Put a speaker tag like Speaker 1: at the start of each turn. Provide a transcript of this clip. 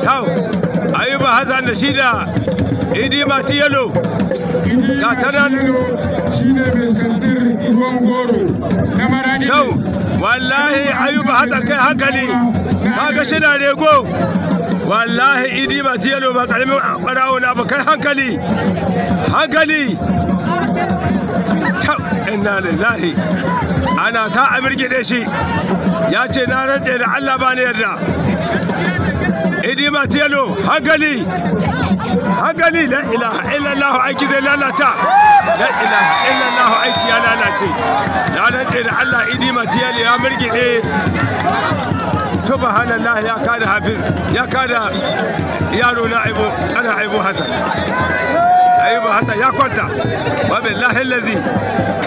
Speaker 1: Tau, Ayuba Hassan da shida, Idi Mati Yalo, ga ta nan. Shi ne mai santir ruwan goro na maraɗi. Tau, wallahi Ayuba Hassan kai hankali, Ka ga shida ne go. wallahi idi ba tiyalo ba karamin barawo na ba kai hankali hankali inna lillahi ana sa a birgide shi ya ce na rantse da Allah ba ni yarda idi yalo hagali hagali la ilaha illallah aiki zai lalata la ilaha illallah aiki ya lalace na rantse da Allah idi matelo ya birgide subhanallah ya kada hafiz ya kada yaro na aibu ana aibu hasan aibu hasan ya kwanta wabillahi allazi